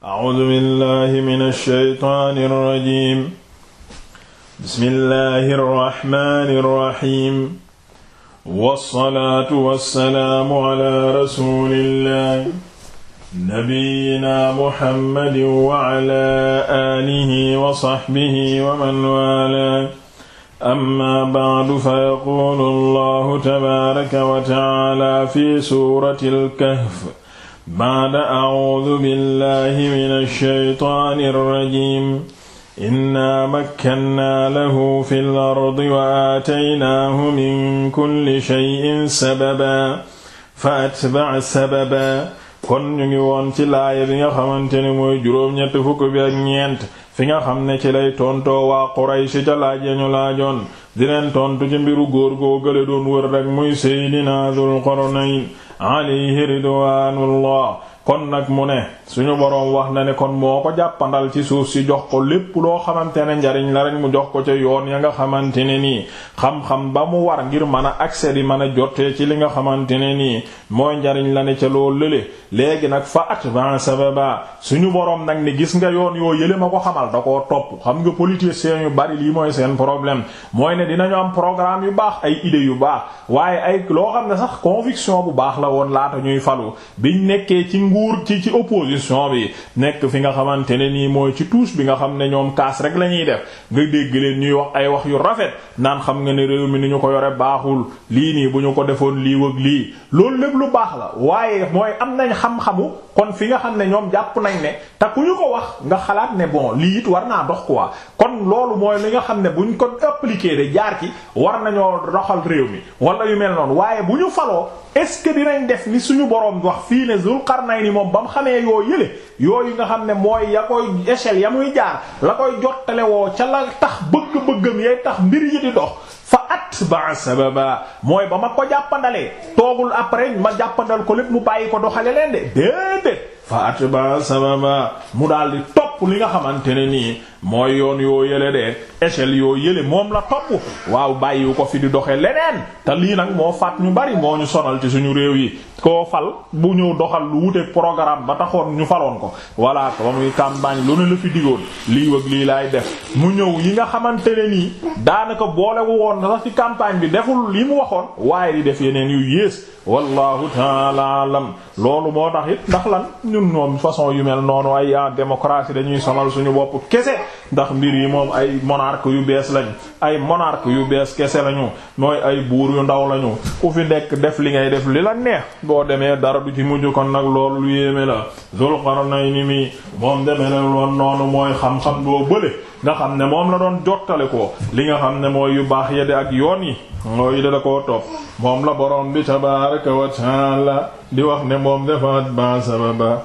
A'uuzu billaahi mina shaytaani rajiim. Bismillaahi rahmaani rahiim. Wassalaatu wassalaamu alaa rasuulillaahi nabiyyinaa Muhammadin wa alaa aalihi wa sahbihi wa man waalaahu. Amma ba'du fayaquulu Allaahu tabaaraka wa ta'aalaa fi suuratil kahf. baada acuudu billahi min alshaytaani alrajim inna makkannaa lahu fi l ardi wa aataynaahu min kulli sheyin sababa fa atbac sababa kon ñu ngi woon ci laaya bi nga xamante ne mooy juróom-ñett fukk bi ak ñeent fi nga xam ne ci lay tontoo waa Quraysh ca laaj yañu laajoon di leen tontu ci mbiru góor goo gële doon wër rekk muy Seydina Dul Qarnayn alayhi ridwaanullah kon nag mu ne suñu boroom wax na ne kon moo ko jàppandal ci suuf si jox ko lépp loo xamante ne njariñ la rek mu jox ko ca yoon ya nga xamante ne nii xam ba mu war ngir mën a accès di mën a jotee ci li nga xamante ne nii mooy njariñ la ne ca loo lële léegi nag fa atban ba suñu boroom nag ni gis nga yoon yoo yële ma ko xamal da koo topp xam nga politiciens yu bari lii mooy seen problème mooy ne dinañu am programme yu baax ay idées yu baax waaye ay loo xam ne sax conviction bu baax la woon laata ñuy falu biñ nekkee nguur ci ci opposition bi nekk fi nga xamante ne nii mooy ci tuus bi nga xam ne ñoom kaas rek lañuy def nga dégg leen ñuy wax ay wax yu rafet naan xam nga ne réew mi ni ñu ko yore baaxul lii nii bu ñu ko defoon lii wëg lii loolu lépp lu baax la waaye mooy am nañ xam-xamu kon fi nga xam ne ñoom jàpp nañ ne te ku ñu ko wax nga xalaat ne bon lii it war naa dox ko quoi kon loolu mooy li nga xam ne buñ ko appliquer de jaar ci war nañoo doxal réew mi wala yu mel noonu waaye bu ñu faloo est-ce que dinañ def ni suñu boroom wax fii ne Zul Qarnayni moom bam mu xamee yoo yële yooyu nga xam ne mooy ya koy échelle ya muy jaar la koy jottale woo ca la tax bëgg-bëggam yay tax mbir yi di dox atbaa sababa mooy ba ma ko jàppandalee toogul après ma jàppandal ko lépp mu bàyyi ko doxale leen de déedéet fa atbaa sababa mu daal di topp li nga xamante ne nii mooy yoon yoo yële de échelle yoo yële moom la topp waaw bàyyiwu ko fi di doxe leneen te lii nag moo faat ñu bari moo ñu sonal ci suñu réew yi koo fal bu ñëw doxal lu wuteeg programme ba taxoon ñu faloon ko voilà ba muy campagne lu ne la fi digoon lii wëg lii laay def mu ñëw yi nga xamante ne nii daanaka boolewu woon sax ci campagne bi deful yi mu waxoon waaye di def yeneen yu yées wallahu taala alam loolu moo tax it ndax lan ñun ñoom façon yu mel noonu ay démocratie dañuy sonal suñu bopp kese ndax mbir yi moom ay monarque yu bees lañ ay monarque yu bees kese lañu mooy ay buur yu ndaw lañu ku fi nekk def li ngay def li la neex boo demee dara du ci mujj kon nag loolu lu yéeme la Zulqarnayni mi moom demee na loon noonu mooy xam-xam boo bële nga xam ne moom la doon jottale ko li nga xam ne mooy yu baax ya ak yoon yi mooy koo topp moom la borom bi tabaaraka wa taala di wax ne moom defaat ba sababa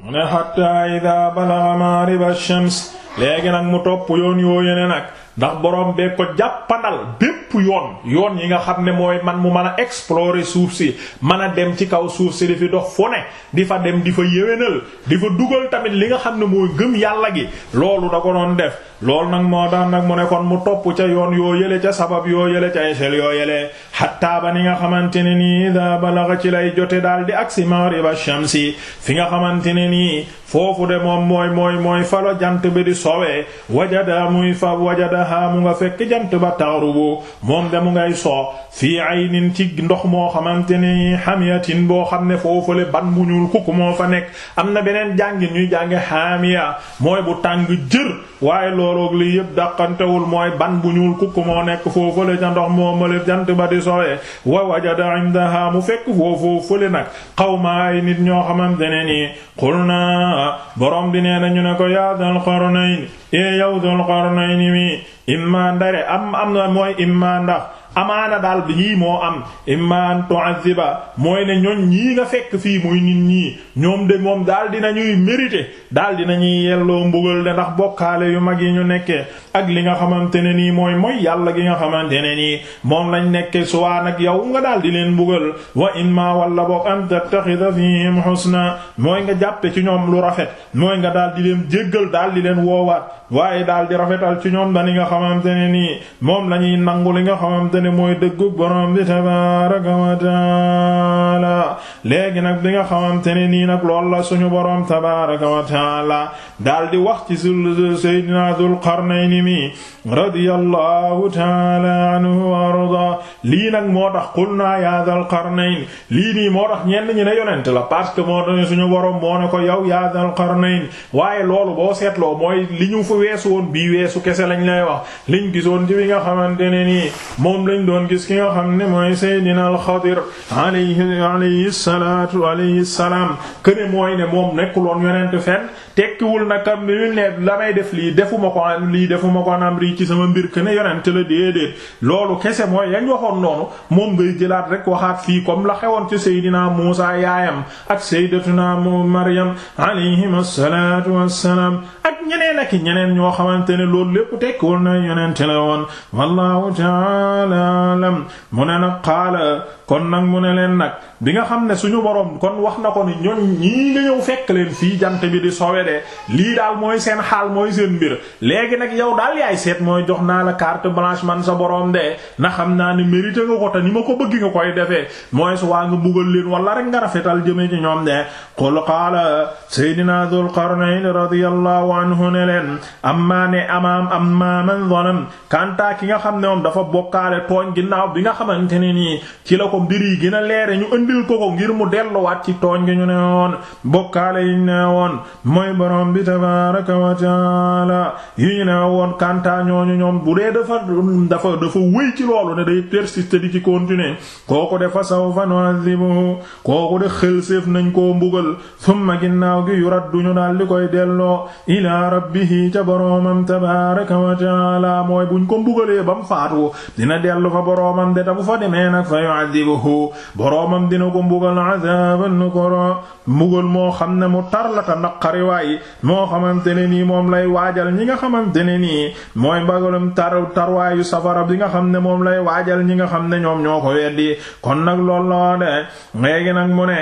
mu ne hatta idha balagha ma'riba ash-shams léegi nag mu topp yoon yoo yene nag ndax borom bee ko jàppandal bépp yoon yoon yi nga xam ne mooy man mu mën a explorer suuf si mën a dem ci kaw suuf si di fi dox fu ne di fa dem di fa yéwénal di fa dugal tamit li nga xam ne mooy gëm yàlla gi loolu da ko doon def loolu nag moo tax nag mu nekkoon mu topp ca yoon yoo yële ca sabab yoo yële ca échelle yoo yële xattaa ba ni nga xamante ne nii ida balaga ci lay jote daal di aksi mariba shamsi fi nga xamante ne nii foofu de moom mooy mooy mooy falo jant bi di sowee wajada muy fa wajadaha mu nga fekk jant ba taxrubu moom de mu ngay soo fii aynin ci ndox moo xamante ne hamiyatin boo xam ne foofule ban mu ñuul kukku moo fa nekk am na beneen jàngin ñuy jànge hamiya mooy bu tàng tolloog lii yëpp dàqantewul mooy ban bu ñuul kukk moo nekk foofale ca ndox moo male jant ba di sowee wa wajada indaha mu fekk foofoo fële nag xawma ay nit ñoo xamante ne nii xul na borom bi nee na ñu ne ko yaa dal qarnayn e yow dal qarnayn mi imma ndare am am na mooy imma ndax amaana daal bi lii moo am imman tu'azziba mooy ne ñoon ñii nga fekk fii muy nit ñii ñoom de moom daal nañuy mérité daal dinañuy yelloo mbugal de ndax bokkaale yu mag yi ñu nekkee ak li nga xamante ne nii mooy mooy yàlla gi nga xamante ne nii moom lañ nekke waa nag yow nga daal di leen mbugal wa imma walla boog an tattaxida fihim husna mooy nga jàppe ci ñoom lu rafet mooy nga daal di leen jéggal daal di leen woowaat waaye daal di rafetal ci ñoom ne mooy dëggu borom bi tabaaraka wa taala léegi nag bi nga xamante ne nii nag lool la suñu borom tabaaraka wa taala daal di wax ci sul Seydina Dul Qarnayni mi radiyallahu taala anhu wa arda lii nag moo tax qulnaa yaa Dal Qarnayn lii nii moo tax ñenn ñi ne yonent la parce que moo tax suñu borom moo ne ko yow yaa Dal Qarnayn waaye loolu boo seetloo mooy li ñu fu weesu woon bii weesu kese lañ lay wax liñ gisoon ci bi nga xamante ne nii moom lañ doon gis ki nga xam ne mooy Seydina Al-Xadir alayhi alayhi salaatu alayhi salaam këne mooy ne moom nekkuloon nag am li la may def lii defuma ko am lii defuma ko am rii ci sama mbir këne yonent la déedéet loolu kese mooy yañ waxoon noonu moom ngay jëlaat rek waxaat fii comme la xewoon ci Seydina Muusa yaayam ak Sayyidatuna Maryam alayhim assalaatu wassalaam ak ak ñeneen ak ñeneen ñoo xamante ne loolu lépp tekkiwul na yonente la woon wallahu ta'ala alam mu ne nag qaala kon nag mu ne leen nag bi nga xam ne suñu boroom kon wax na ko ni ñoon ñii nga ñëw fekk leen fii jant bi di sowe de lii daal mooy seen xaal mooy seen mbir léegi nag yow daal yaay seet mooy jox naa la carte blanche man sa boroom de na xam naa ni mérité nga ko te ni ma ko bëgg nga koy defee mooy su waa nga mbugal leen wala rek nga rafetal jëme ci ñoom anhu ne leen amma ne amaam amma man zalam kanta ki nga xam ne moom dafa bokkaale tooñ ginnaaw bi nga xamante ne nii ci la ko mbir yi gën a leere ñu indil ko ko ngir mu delluwaat ci tooñ gi ñu ne woon bokkaale yi ñu ne woon mooy borom bi tabaaraka wa taala yi ñu ne woon kanta ñooñu ñoom bu dee dafa dafa dafa ci loolu ne day persister di ci continuer kooku de fa sawfa nu'adhibuhu kooku de xëlséef nañ koo mbugal summa ginnaaw gi yuraddu ñu daal koy delloo ila ilaa rabbihi ca boroomam tabaaraka wa taala mooy buñ ko mbugalee ba mu faatu dina dellu fa boroomam de ta bu fa demee nag fa yu'adibuhu boroomam dina ko mbugal azaaban nukura mbugal moo xam ne mu tar la ta naqari moo xamante ne nii moom lay waajal ñi nga xamante ne nii mooy mbagalum tar tarwaayu safara bi nga xam ne moom lay waajal ñi nga xam ne ñoom ñoo ko weddi kon nag lool loo de léegi nag mu ne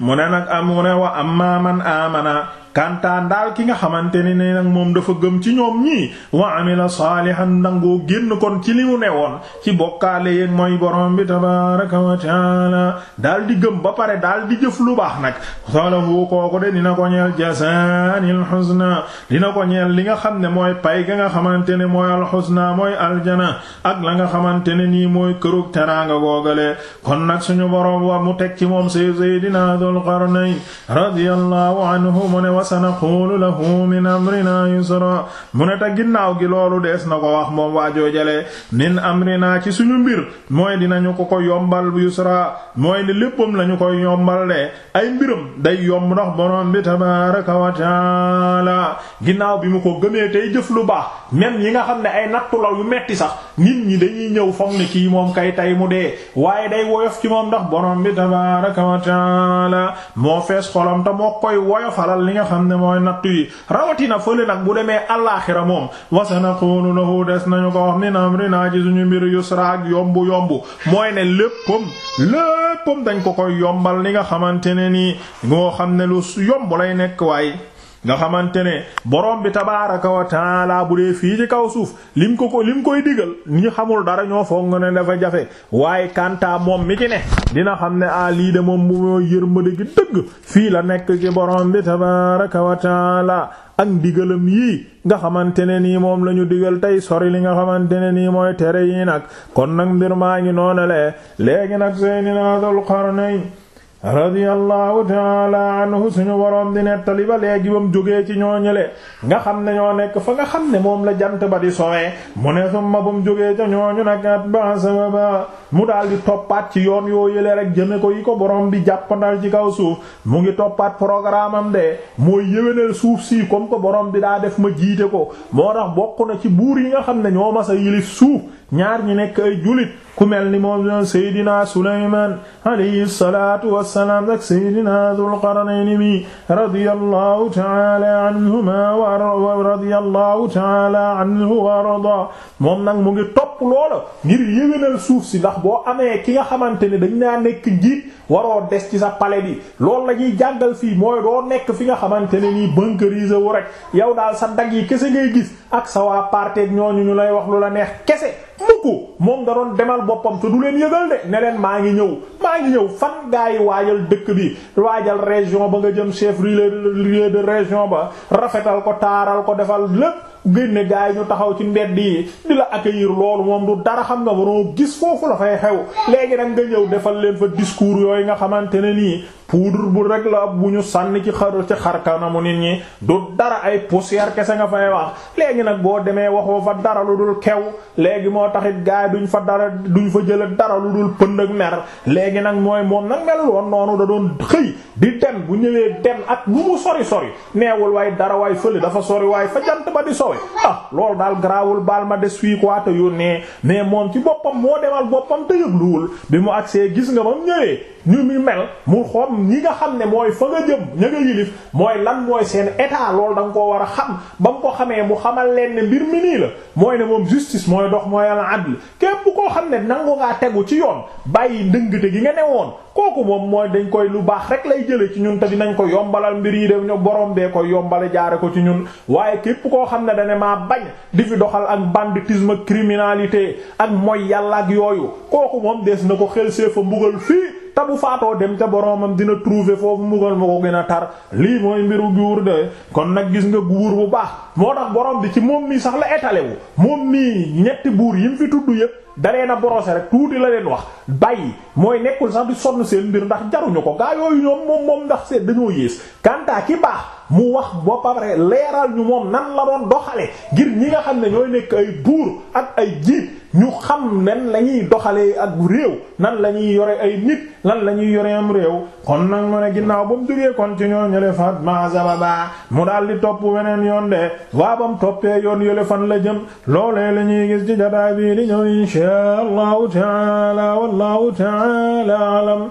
mu ne nag am mu ne wa amma man amana kantaan daal ki nga xamante ni ne nag moom dafa gëm ci ñoom ñii wa amila saalihan nangoo génn kon ci li mu ne woon ci bokkaale yéeg mooy borom bi tabaraka wa taala daal di gëm ba pare daal di jëf lu baax nag solahu kooku de dina ko ñeel jasaanil xusna dina ko ñeel li nga xam ne mooy pay ga nga xamante ne mooy alxusna mooy aljana ak la nga xamante ne nii mooy kërug teraanga googale kon nag suñu borom wa mu teg ci moom say saydina dul qarnayn radiyallahu wa sanaquulu lahu min amrina yusra mu ne ta ginnaaw gi loolu dees na ko wax moom waajoo jale min amrina ci suñu mbir mooy dinañu ko ko yombal yusra mooy ne léppam lañu koy yombal de ay mbiram day yomb ndax borom bi tabaaraka wa taala ginnaaw bi mu ko gëmee tey jëf lu baax même yi nga xam ne ay nattulaw yu metti sax nit ñi dañuy ñëw foog ne kii moom kay tey mu dee waaye day woyof ci moom ndax borom bi tabaaraka wa taala moo fees xolam te moo koy woyofalal li nga xam ne mooy nattu yi rawatina fële nag bu demee allaaxira moom wasanaqulu lahu des nañu ko wax min amrinaa ci suñu mbir yusra ak yombu yombu mooy ne léppam léppam dañ ko koy yombal li nga xamante ne nii moo xam ne lu yomb lay nekk waaye nga xamante ne boroom bi tabaaraka wa taala bu dee fii ci kaw suuf lim ko ko lim koy digal ñu xamul dara ñoo foog ne dafa jafe waaye kanta moom mi ci ne dina xam ne ah lii de moom bu mooy yërmande gi dëgg fii la nekk ci borom bi tabaaraka wa taala ak ndigalam yii nga xamante ne nii moom lañu digal tey sori li nga xamante ne nii mooy tere yi nag kon nag mbir maa ngi noonale léegi nag Seydina Dul Qarnayn radiyallahu taala anhu suñu boroom di nettali ba léegi ba mu jógee ci ñoo ñooñale nga xam ne ñoo nekk fa nga xam ne moom la jant ba di sowee mu ne summa ba mu jógee ca ñooñu nag at ba sababa mu daal di toppaat ci yoon yoo yële rek jëme ko yi ko boroom bi jàppandal ci kaw suuf mu ngi toppaat programme am de mooy yéwénal suuf si comme ko boroom bi daa def ma jiite ko moo tax bokk na ci buur yi nga xam ne ñoo masa yilif suuf ñaar ñi nekk ay jullit ku mel ni moom doon Seydina Sulaymaan alayhi salaatu wassalaam ak Seydina Dul Qarnayni mi radiyallahu ta'ala anhuma wa radiyallahu ta'ala anhu wa arda moom nag mu ngi topp loola ngir yéwénal suuf si ndax boo amee ki nga xamante ne dañ naa nekk njiit waroo des ci sa pale bi loolu la ñuy jàngal fii mooy doo nekk fi nga xamante ne nii bunkerisé wu yow daal sa dag yi kese ngay gis ak sa waa parteeg ñooñu ñu lay wax lu la neex kese mukk moom nga doon demal boppam te du leen yëgal de ne leen maa ngi ñëw maa ngi ñëw fan gaa waajal dëkk bi waajal région ba nga jëm chef lieu de région ba rafetal ko taaral ko defal lépp génne gaa ñu taxaw ci mbedd yi di la accueillir loolu moom du dara xam nga waroo gis foofu la fay xew léegi nag nga ñëw defal leen fa discours yooyu nga xamante ne nii poudre bu rek la bu ñu sànni ci xar ci xar kanamu nit ñi du dara ay poussière kese nga fay wax léegi nag boo demee waxoo fa dara lu dul kew léegi moo taxit gaay duñ fa dara duñ fa jële dara lu dul pënd ak mer léegi nag mooy moom nag melul woon noonu da doon xëy di dem bu ñëwee dem ak bu mu sori sori neewul waay dara waay fële dafa sori waay fa jant ba di sowe ah loolu daal garaawul baal ma des fii quoi te ne mais moom ci boppam moo demal boppam te yëgluwul bi mu agsee gis nga ba mu ñu mi mel mu xom ñi nga xam ne mooy fa nga jëm ña nga yilif mooy lan mooy seen état lool danga nga koo war a xam ba nga ko xamee mu xamal leen ne mbir mi nii la mooy ne moom justice mooy dox mooy al adl képp koo xam ne nangu ngaa tegu ci yoon bàyyi ndëngte gi nga newoon kooku moom mooy dañ koy lu baax rek lay jëlee ci ñun te dinañ ko yombalal mbir yi dem ñu borom bee ko yombale jaare ko ci ñun waaye képp koo xam ne dana maa bañ di fi doxal ak banditisme criminalité ak mooy yàlla ak yooyu kooku moom te bu faatoo dem ca boromam dina trouver foofu mbugal ma ko gën a tar lii mooy mbiru buur de kon nag gis nga buur bu baax moo tax borom bi ci moom mii sax la étalé moom mii ñetti buur yi mu fi tudd yëpp dalee na borose rek tuuti la leen wax bàyyi mooy nekkul sax di sonn seen mbir ndax jaruñu ko gaa yooyu ñoom moom moom ndax seet dañoo yées kanta ki baax mu wax ba leeral ñu moom nan la doon doxale ngir ñi nga xam ne ñooy nekk ay buur ak ay jiit ñu xam nan la ñuy doxalee ak bu réew nan la ñuy yore ay nit lan la ñuy yore am réew kon nag mu ne ginnaaw ba mu kon ci ñoo ñële fat mazababa mu daal di topp weneen yoon de waa ba toppee yoon yële la jëm loolee la ñuy gis ci jataay bii di ñëw inshaa allahu taala wallahu taala alam